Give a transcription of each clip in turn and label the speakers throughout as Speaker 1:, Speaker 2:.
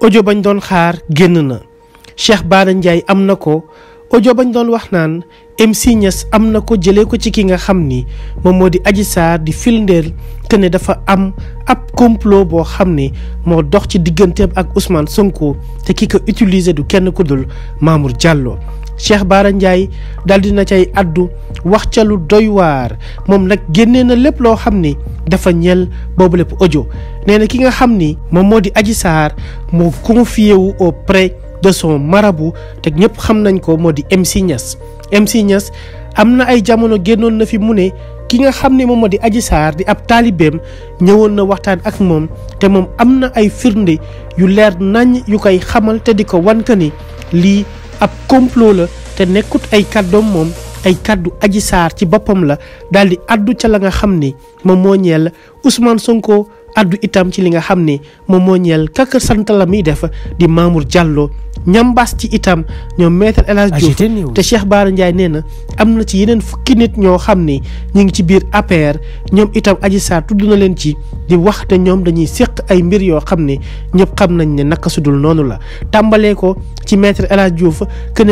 Speaker 1: audio bañ doon xaar génn na Cheikh Bara Ndiaye am na ko audio bañ doon wax naan MC Niass am na ko jëlee ko ci ki nga xam ni moom moo di aji Sarr di filndeel te ne dafa am ab complot boo xam ne moo dox ci digganteem ak Ousmane Sonko te ki ko utiliser du kenn ko dul Mamour jàlloo Cheikh Bara Ndiaye dal dina cay addu wax ca lu doy moom nag génnee na lépp loo xam ni dafa ñel boobu lépp audio nee na ki nga xam ni moom moo di Adji Sarr moo confié wu auprès de son marabout te ñëpp xam nañ ko moo di MC Niass am na ay jamono génnoon na fi mu ne ki nga xam ne moom moo di Adji Sarr di ab taalibeem ñëwoon na waxtaan ak moom te moom am na ay firnde yu leer nañ yu koy xamal te di ko wan que lii ab complot la te nekkut ay kàddoom moom ay kàddu aji saar ci boppam la daal di addu ca la nga xam ni moom moo ñeel Ousmane Sonko addu itam ci li nga xam ni moom moo ñeel kaka sant la muy def di Mamour Diallo. ñam ñambaas ci itam ñoom maître El Hadj ah, Diouf te Cheikh Bara Ndiaye nee na am na ci yeneen fukki nit ñoo xam ne ñu ngi ci biir APR ñoom itam Adji Sarr tudd na leen ci di wax te ñoom dañuy séq ay mbir yoo xam ne ñëpp xam nañ ne naka noonu la tàmbalee ko ci maître El fa Diouf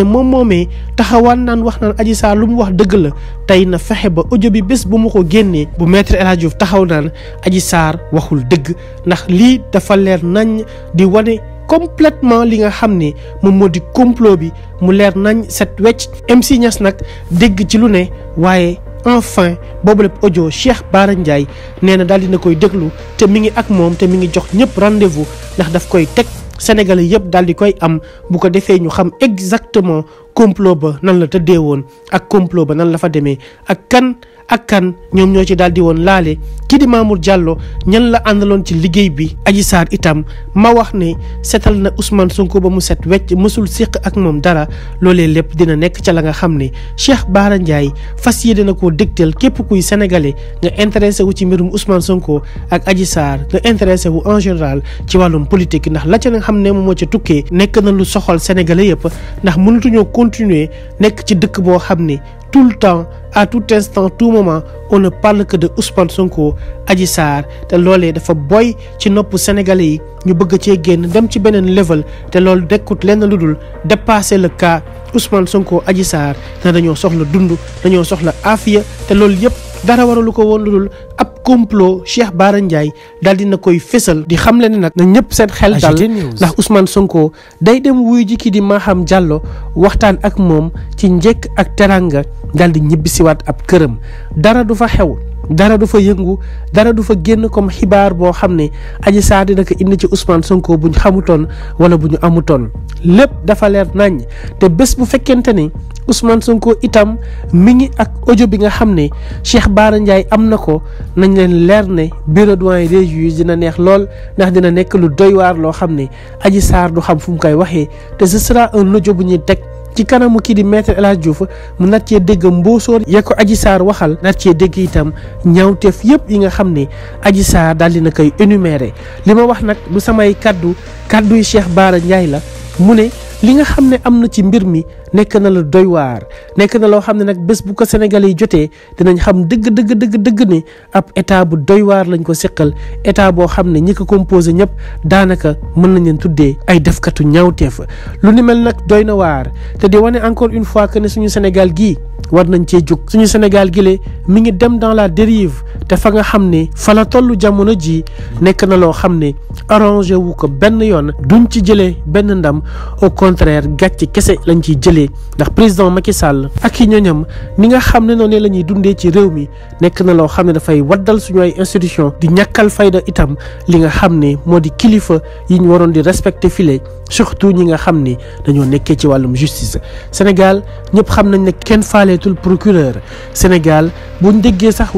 Speaker 1: moom moomee taxawaan naan wax naan Adji Sarr lu mu wax dëgg la tey na fexe ba audio bi bés bu mu ko génnee bu maître El Hadj taxaw naan aji Sarr waxul dëgg ndax lii dafa leer nañ di wane complètement li nga xam ni moom moo di complot bi mu leer nañ set wecc MC nag dégg ci lu ne waaye enfin boobu lépp audio Cheikh Bara Ndiaye nee na daal dina koy déglu te mu ngi ak moom te mi ngi jox ñëpp rendez-vous ndax daf koy teg Sénégalais yëpp daal di koy am bu ko defee ñu xam exactement complot ba nan la tëddee woon ak complot ba nan la fa demee ak kan ak kan ñoom ñoo ci daal di woon laale kii di Mamour Diallo ñan la àndaloon ci liggéey bi Adji Sarr itam ma wax ne setal na Ousmane Sonko ba mu set wecc mësul séq ak moom dara loolee lépp dina nekk ca la nga xam ne Cheikh Bara Ndiaye fas yéene na koo dégtal képp kuy sénégalais nga intéressé wu ci mbirum Ousmane Sonko ak Adji Sarr nga intéressé wu en général ci wàllum politique ndax la ca nga xam ne moom moo ca tukkee nekk na lu soxal sénégalais yëpp ndax mënatuñoo continuer nekk ci dëkk boo xam ne tout le temps à tout instant tout moment on ne parle que de Ousmane Sonko Adji Sarr te loolee dafa boy ci nopp sénégalais yi ñu bëgg cee génn dem ci beneen level te loolu dekkut lenn lu dul dépasser le cas Ousmane Sonko aji Sarr te dañoo soxla dund dañoo soxla aafiya te loolu yëpp. dara waralu ko woon ab complot Cheikh Bara Ndiaye daal na koy fésal di xam le ne nag na ñëpp seen xel dal ndax Ousmane Sonko day dem wuy ji kii di Maham jàlloo waxtaan ak moom ci njëkk ak teraanga daldi ñibbisiwaat ab këram dara du fa xew dara du fa yëngu dara du fa génn comme xibaar boo xam ne aji saar dina ko indi ci usman Sonko buñ ñu xamutoon wala bu ñu amutoon lépp dafa leer nañ te bés bu fekkente ni Ousmane Sonko itam mi ngi ak audio bi nga xam ne Cheikh Bara Ndiaye am na ko nañ leen leer ne bureau doyen des juges dina neex lool ndax dina nekk lu doy waar loo xam ne aji saar du xam fu mu koy waxee te ce sera un audio bu ñuy teg. ci kanamu kii di maître El Hadj Diouf mu nat cee dégg mbóosóor ya ko Adji Sarr waxal nat cee dégg itam ñaawteef yëpp yi nga xam ne aji Sarr daal na koy énumérer li ma wax nag du samay kàddu kaddu yu Cheikh Bara Ndiaye la mu ne li nga xam ne am na ci mbir mi nekk na la doy waar nekk na loo xam ne nag bés bu ko Sénégalais yi jotee dinañ xam dëgg dëgg dëgg dëgg ne ab état bu doy waar lañ ko seqal état boo xam ne ñi ko composé ñëpp daanaka mën nañ leen tuddee ay defkatu ñaawteef lu ni mel nag doy na waar te de wane encore une fois que ne suñu Sénégal gii war nañ cee jóg suñu Sénégal gi le mi ngi dem dans la dérive te fa nga xam ne fala tollu jamono ji nekk na loo xam ne arrangé wu ko benn yoon duñ ci jëlee benn ndam au contraire gàcc kese lañ ciy jëlee ndax président Macky Sall ak i ñoñam ni nga xam ne noonu la ñuy dundee ci réew mi nekk na loo xam ne dafay waddal suñu ay institution di ñàkkal fayda itam li nga xam ne moo di kilifa yi ñu waroon di respecté file surtout ñi nga xam ni dañoo nekkee ci wàllum justice Sénégal ñëpp xam nañ ne kenn faaleetul procureur Sénégal buñ sax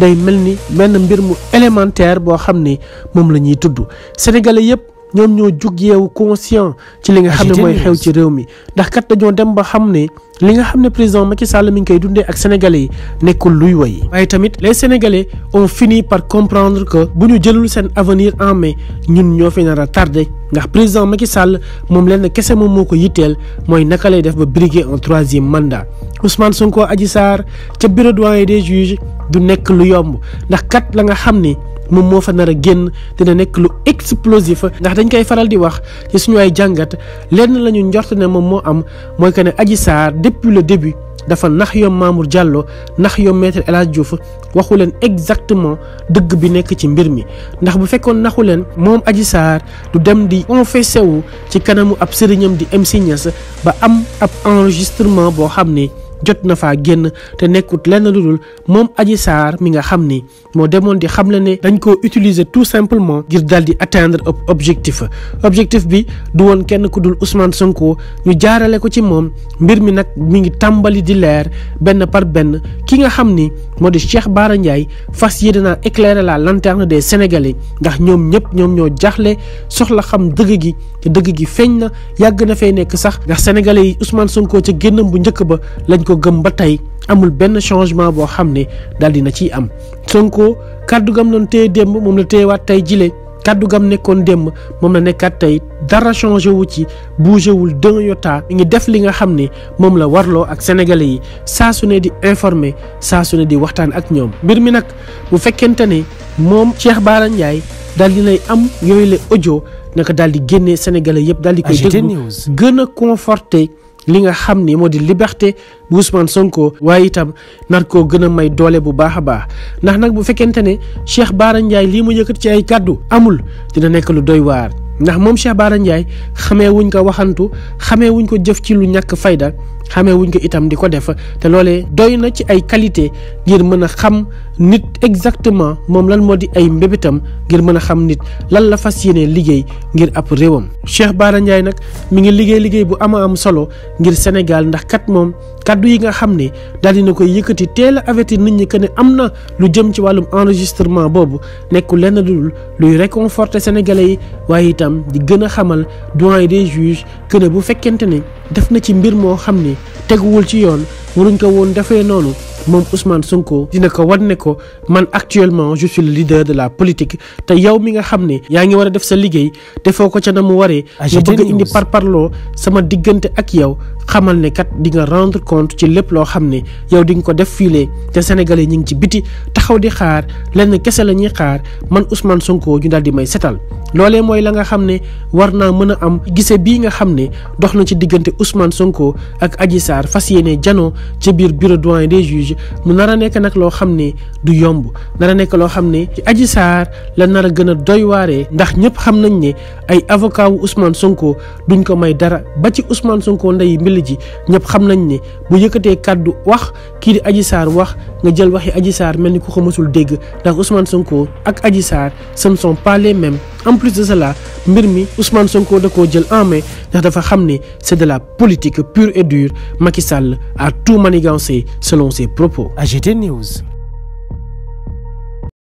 Speaker 1: day mel ni benn mbir mu élémentaire boo xam ne moom la ñuy tudd sénégalais yëpp ñoom ñoo jug yeewu conscient ci li nga xam ne mooy xew ci réew mi ndax kat dañoo dem ba xam ne li nga xam ne président Macky Sall mi ngi koy dundee ak sénégalais yi nekkul luy woy waaye tamit les sénégalais ont fini par comprendre que bu ñu jëlul seen avenir en main ñun ñoo fi nar a tardé président Macky Sall moom lenn kese moom moo ko yitteel mooy naka lay def ba briguer un troisième mandat Ousmane Sonko Adji Sarr ca bureau doyen des juges du nekk lu yomb ndax kat la nga xam ni moom moo fa nar génn dina nekk lu explosif ndax dañ koy faral di wax ci suñu ay jàngat lenn la ñu njort ne moom moo am mooy que ne Adji Sarr depuis le début dafa nax yoom Mamour Diallo nax yoom maître El waxu leen exactement dëgg bi nekk ci mbir mi ndax bu fekkoon naxu leen moom Adji Sarr du dem di confessé wu ci kanamu ab sëriñam di MC Niass ba am ab enregistrement boo xam ni jot na faa génn te nekkut lenn lu dul moom Adji Sarr mi nga xam ni moo demoon di xam la ne dañ koo utiliser tout simplement ngir dal di atteindre ab objectif objectif bi du woon kenn ku dul Ousmane Sonko ñu jaarale ko ci moom mbir mi nag mi ngi tàmbali di leer benn par benn ki nga xam ni moo di Cheikh Bara Ndiaye fas yéene naa éclairer la lanterne de Sénégalais ndax ñoom ñëpp ñoom ñoo jaxle soxla xam dëgg gi te dëgg gi feeñ na yàgg na fay nekk sax ndax Sénégalais yi Ousmane Sonko ca génnam bu njëkk ba ko gëm ba tey amul benn changement boo xam ne daal dina ciy am Sonko kàddu gam noonu téye démb moom la téyewaat tey jile kàddu gam nekkoon dem moom la nekkaat tey dara changé wu ci bougé wul d'un iota ngi def li nga xam ne moom la warloo ak sénégalais yi saa su ne di informer saa su ne di waxtaan ak ñoom mbir mi nag bu fekkente ne moom Cheikh Bara Ndiaye daal di lay am yooyu la audio naka daal di génnee sénégalais yëpp daal koy déglu gën conforté li nga xam ni moo di liberté bu Ousmane Sonko waaye itam nar koo gën a may doole bu baax a baax ndax nag bu fekkente ne Cheikh Bara Ndiaye lii mu yëkkat ci ay kàddu amul dina nekk lu doy waar. ndax moom Cheikh Bara Ndiaye xamee ko waxantu xamee ko jëf ci lu ñàkk fayda xamee ko itam di ko def te loole doy na ci ay qualité ngir mën a xam nit exactement moom lan moo di ay mbébétam ngir mën a xam nit lan la fas yéene liggéey ngir ab réewam. Cheikh Bara Ndiaye nag mu ngi liggéey liggéey bu ama am solo ngir Sénégal ndax kat moom. kaddu yi nga xam ne daal dina koy yëkkati teel a avertir nit ñi que ne am na lu jëm ci wàllum enregistrement boobu nekkul lenn dul luy réconforter sénégalais yi waaye itam di gën a xamal doyen des juges que ne bu fekkente ne def na ci mbir moo xam ni teguwul ci yoon waruñ ko woon defee noonu moom usmaan Sonko dina ko war ne ko man actuellement je leader de la politique te yow mi nga xam ne yaa ngi war a def sa liggéey defoo ko ca na mu waree ah, nga bëgg a par parparloo sama diggante ak yow xamal ne kat di nga rendre compte ci lépp loo xam ne yow di nga ko def fiile te sénégalais ñi ngi ci biti taxaw di xaar lenn kese la ñuy xaar man Ousmane Sonko ñu daal di may setal loole mooy la nga xam ne war naa mën a am gise bii nga xam ne dox na ci diggante Ousmane Sonko ak Adji Sarr fas yéene jano ci biir bureau doyen des juges mu nar a nekk nag loo xam ne du yomb nar nekk loo xam ne ci la nar a gën a doy waaree ndax ñëpp xam nañ ne ay avocat wu Sonko duñ ko may dara ba ci Ousmane Sonko ndey mbill ji ñëpp xam nañ ne bu yëkkatee kàddu wax kii di Adji Sarr wax nga jël waxi Adji Sarr mel ni ku ko mësul dégg ndax Ousmane Sonko ak Adji Sarr ce ne sont pas en plus de cela mbir mi Ousmane Sonko da koo jël en main ndax dafa xam ne c'est de la politique pure et dure Macky Sall a tout manigancé selon ses propos AGT News